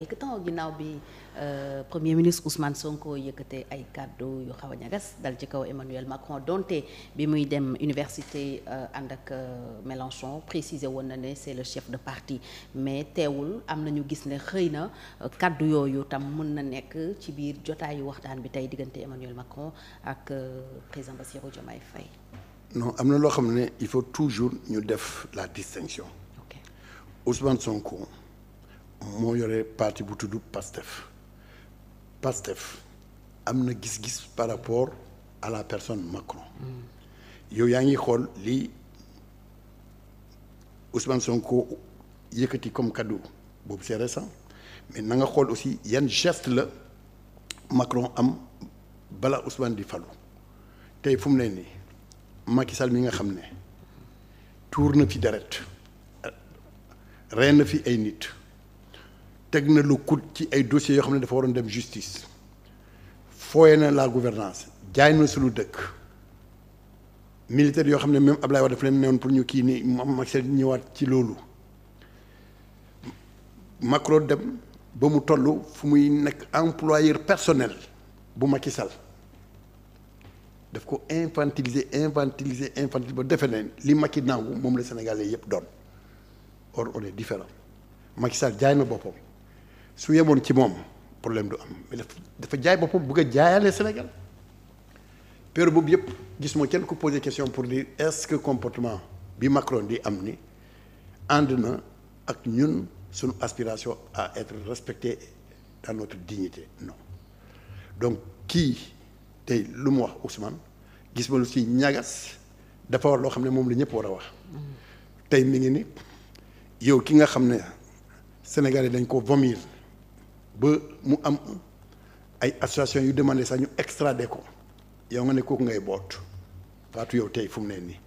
quelque temps ginnaaw bi euh, premier ministre Ousmane Sonko yëkkatee ay kàddu yu xaw a ñagas dal ci kaw Emmanuel Macron donte bi muy dem université euh, ànd ak euh, Mélenchon précisé woon na ne c'est le chef de parti mais teewul am na ñu gis ne xëy na kàddu yooyu tam mën na nekk ci biir jotaayu waxtaan bi tey diggante Emmanuel Macron ak président Bassirou Diomaye Faye. non am na loo xam ne il faut toujours ñu def la distinction. ok Sonko. moo yore parti bu tudd PASTEF PASTEF am na gis-gis par rapport a la personne Macron mm. yow yaa ngi xool lii Ousmane Sonko yëkkati comme cadeau boobu c'est sax mais na nga xool aussi yan geste la Macron am bala Ousmane di falu tey fu mu ne nii Macky Sall mi nga xam ne tuur na fi deret reen na fi ay nit teg na lu kut ci ay dossiers yoo xam ne dafa waroon dem justice fooye na la gouvernance jaay na suñu dëkk militaire yoo xam ne même Ablaye Wade daf leen newoon pour ñu kii ni Macky Sall ñëwaat ci loolu Macron dem ba mu toll fu muy nekk employeur personnel bu Macky Sall daf ko infantiliser infantiliser infantiliser ba defe ne li Macky nangu moom la Sénégalais yëpp doon or on est différent Macky Sall jaay na boppam su yemoon ci moom problème du am mais dafa jaay boppam bugg a jaayalee Sénégal période boobu yëpp gis moo kenn ku posé question pour dire est-ce que comportement bi Macron di am ni ànd na ak ñun suñu aspiration à être respecté dans notre dignité non donc kii tey lu mu wax Ousmane gis ma lu si ñagas dafa loo xam ne moom la ñëpp war a wax mm. tey mi ngi ni yow ki nga xam ne Sénégalais dañ ko vomir ba mu am ay association yu demandé sax ñu extradé ko yow nga ne kooku ngay boot faatu yow tey fu mu ne nii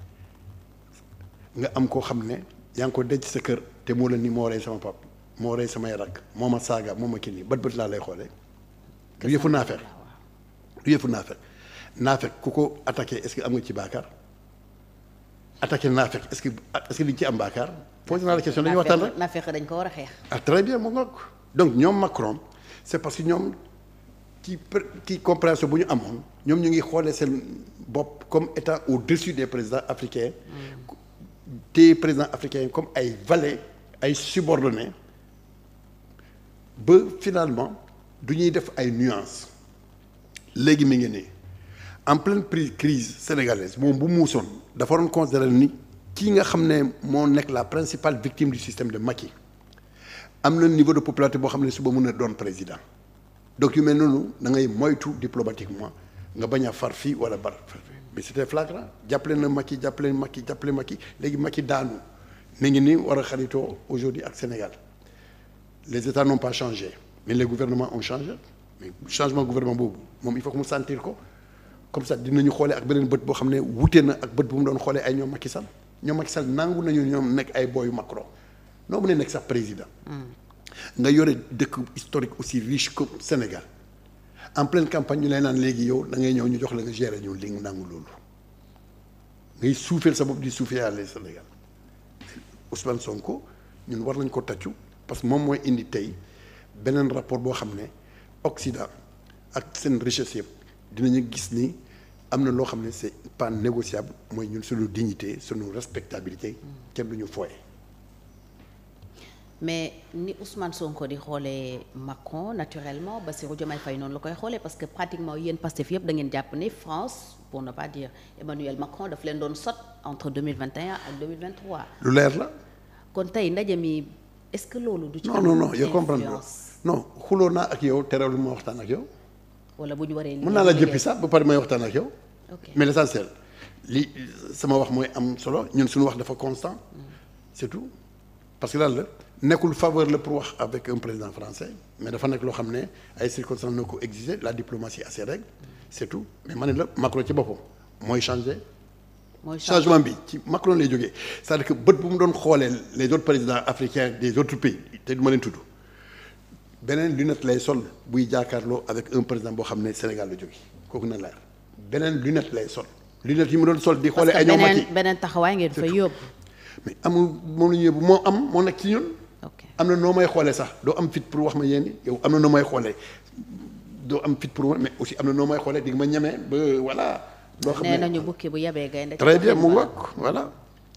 nga am koo xam ne yaa ngi ko denc sa kër te moo la ni moo rey sama pap moo rey samay rakk moo ma saaga moo ma kii nii bët bët laa lay xoolee. du yëfu naafeq du yëfu naafeq naafeq ku ko attaqué est-ce que am nga ci baakaar attaqué naafeq est-ce que est ci am baakaar. posé naa la question dañuy waxtaan rek naafeq dañ ko war a xeex. ah très bien donc ñoom Macron c'est parce que ñoom ci ci compréhension bu ñu amoon ñoom ñu ngi xoolee seen bopp comme étant au-dessus des présidents africains mm. des présidents africains comme ay valets ay subordonnés ba finalement du ñuy def ay nuances léegi mi ngi nii en pleine prise crise sénégalaise moom bu muusoon dafa waroon considérer ni kii nga xam ne moo nekk la principale victime du système de Macky am na niveau de popularité boo xam ne suba mën a doon président donc yu mel noonu da ngay moytu diplomatiquement nga bañ a far fii wala bar far fii mais c'était flagrant jàppale na Macky jàppale Macky jàppale Macky léegi Macky daanu mi ngi ni war a xaritoo aujourd'hui ak Sénégal les états n'ont pas changé mais les gouvernements ont changé mais changement gouvernement boobu moom il faut que mu sentir ko comme ça dinañu xoolee ak beneen bët boo xam ne wute na ak bët bu mu doon xoolee ay ñoom Macky Sall ñoom Macky Sall nangu ñoom nekk ay booyu Macron noo mënee nekk sax président. nga yore dëkk historique aussi riche comme Sénégal en pleine campagne ñu lay naan léegi yow da ngay ñëw ñu jox la nga gérer ñu li nangu loolu ngay suufeel sa bopp di suufeyaale Sénégal Ousmane Sonko ñun war nañ ko tàccu parce que moom mooy indi tey beneen rapport boo xam ne Occident ak seen richesse yëpp dinañu gis ni am na loo xam ne c'est pas négociable mooy ñun suñu dignité suñu respectabilité kenn lu ñu fooye mais ni Ousmane Sonko di xoolee Macron naturellement Bassirou Diomaye Faye noonu la koy xoolee parce que pratiquement yéen Pastef yëpp da ngeen jàpp ne France pour ne pas dire Emmanuel Macron daf leen doon sot entre 2021 ak 2023. lu leer la. kon tey ndaje mi est-ce que loolu. du ci non non non yow comprendre non xuloo naa ak yow terewul ma waxtaan ak yow. wala bu ñu waree mun naa la jëppi sax ba pare may waxtaan ak yow. sama wax mooy am solo ñun suñu wax dafa constant. Mm. c'est parce que lan la. nekkul faveur la pour wax avec un président français mais dafa nekk loo xam ne ay circonstances noo ko exiger la diplomatie a ses règles c'est tout mais ma ne la Macron ci boppam mooy changer. mooy changement bi ci Macron lay jógee c'est-à-dire bët bu mu doon xoolee les autres président africains des autres pays te du ma leen tudd beneen lunette lay sol buy jaakaarloo avec un président boo xam ne Sénégal la jógee kooku na leer beneen lunette lay sol lunette yi mu doon sol di xoolee ay ñoom parce taxawaay ngeen fa yóbbu mais amul moom moo am moo nekk ci am na noo may xoolee sax doo am fit pour wax ma yéen yow am na noo may xoolee doo am fit pour mais aussi am na noo may xoolee di ma ñeme ba voilà. loo xam ne nee nañu bukki bu yabee gaynde très bien mu wokk voilà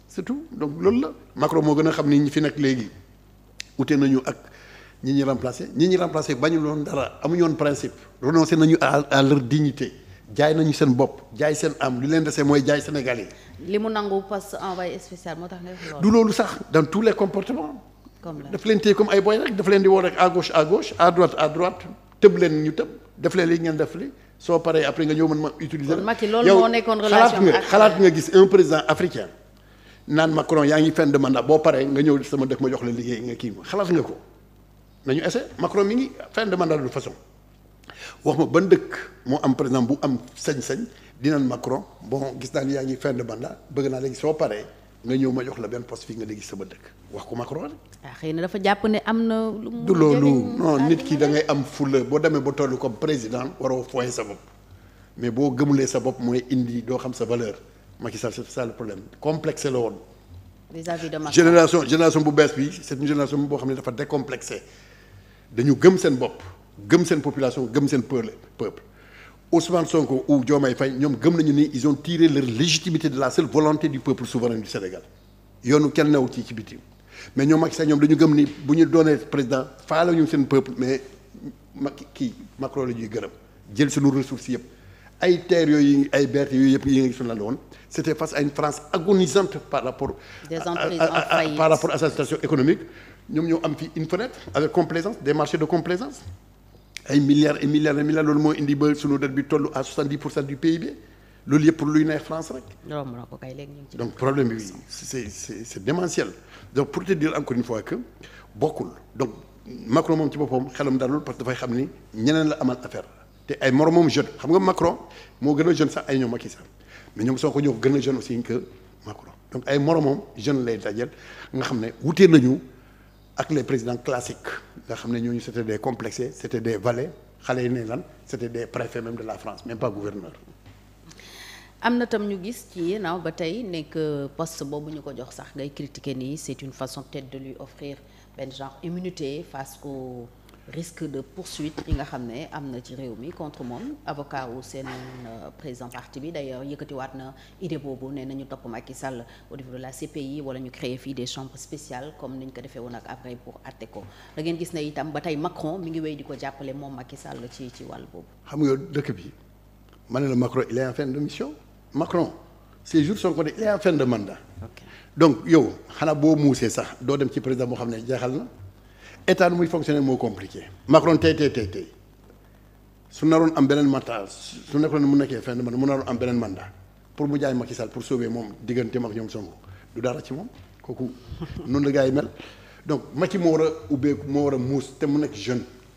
surtout donc loolu la. Macron moo gën a xam ni ñi fi nag léegi ute nañu ak ñi ñi remplacé ñi ñi remplacé bañu loon dara amuñu woon principe renoncé nañu à à leur dignité. jaay nañu seen bopp jaay seen am lu leen dese mooy jaay Sénégal yi. li mu nangu poste envoyé spécial moo tax loolu sax dans tous les comportements. comme la leen téye comme ay boy rek daf leen di woo rek à gauche à gauche à droite à droite tëb leen ñu tëb def leen li ngeen def li soo paree après nga ñëw mën ma utiliser. kon Macky loolu moo nekkoon relation ak yow xalaat nga gis un président africain naan Macron yaa ngi fin de mandat boo paree nga ñëw sama dëkk ma jox la liggéey nga kii ma xalaat nga ko nañu essayé Macron mi ngi fin de mandat de façon wax ma ban dëkk moo am président bu am sañ-sañ dinaan Macron bon gis naa ni yaa ngi fin de mandat bëgg naa léegi soo paree nga ñëw ma jox la benn poste fii nga léegi sama dëkk. wax ko Macron de. waaw ah, na dafa jàpp ne am na. lu nit ki da ngay am fulla boo demee ba tollu comme président waroo foyee sa bopp mais boo gëmulee sa bopp mooy indi doo xam sa valeur Macky Sall c'est ça le problème complexe la woon. vis de Macron génération génération bu bees bi c'est une génération boo xam ne dafa décomplexé dañu gëm seen bopp gëm seen population gëm seen peuple Ousmane Sonko ou Diomaye Faye ñoom gëm nañu ni ils ont tiré leur légitimité de la seule volonté du peuple souverain du Sénégal yoonu kenn newu ci ci bitim. mais ñoom ak Sall ñoom dañu gëm nii bu ñu doonee président faala ñu seen peuple mais Macky kii Macron la ñuy gërëm jël suñu ressources yëpp ay terre yooyu ay berte yooyu yëpp yi nga gis la woon c' était face à une France agonisante par rapport. des entreprises en faillite par rapport à économique ñoom ñoo am fi une fenêtre avec complaisance des marchés de complaisance ay milliards et milliards et milliards loolu moo indi ba suñu dette bi toll à 70 pour cent du PIB. loolu yëpp luy neex France rek. donc problème bi c'est c'est c'est démentiel donc pour te dire encore une fois que bokkul donc Macron moom ci boppam xelam dalul parce que dafay xam ni ñeneen la amal affaire te ay moromam jeune xam nga Macron moo gën a jeune sax ay ñoom Macky Sall mais ñoom Sonko ñoo ko gën a jeune aussi que Macron donc ay moromam jeune lay dajal nga xam ne wutee nañu ak les présidents classiques nga xam ne ñooñu c'était des complexés c'était des valets xale yi ne lan c'était des préfets même de la France même pas gouverneur am na tam ñu gis ci yéenaaw ba tey nekk poste boobu ñu ko jox sax ngay critiquer nii c'est une façon peut-être de lui offrir benn genre immunité face au risque de poursuite yi nga xam ne am na ci réew mi contre moom avocat wu seen euh, président parti bi d'ailleurs yëkkatiwaat na idée boobu ne nañu topp Macky Sall au niveau de la CPI wala ñu créer fii des chambres spéciales comme niñ ko defee woon ak après pour atte ko da ngeen gis ne itam ba tey Macron mi ngi wéy di ko jàppale moom Macky Sall ci ci wàll boobu xam nga dëkk bi ma ne la Macron il est mission Macron ces jours Sonko de il est en donc yow xanaa boo muusee sax doo dem ci président boo xam ne jeexal na état muy fonctionner moo compliqué. Macron tey tey tey tey su naroon am beneen mandat su nekkoon ne mu nekkee fin de mandat mu naroon am beneen mandat pour mu jaay Macky Sall pour sauver moom diggante ak ñoom Sonko du dara ci moom kooku noonu la gars yi mel donc Macky moo war a ubbeeku moo war a muus te mu nekk jeune.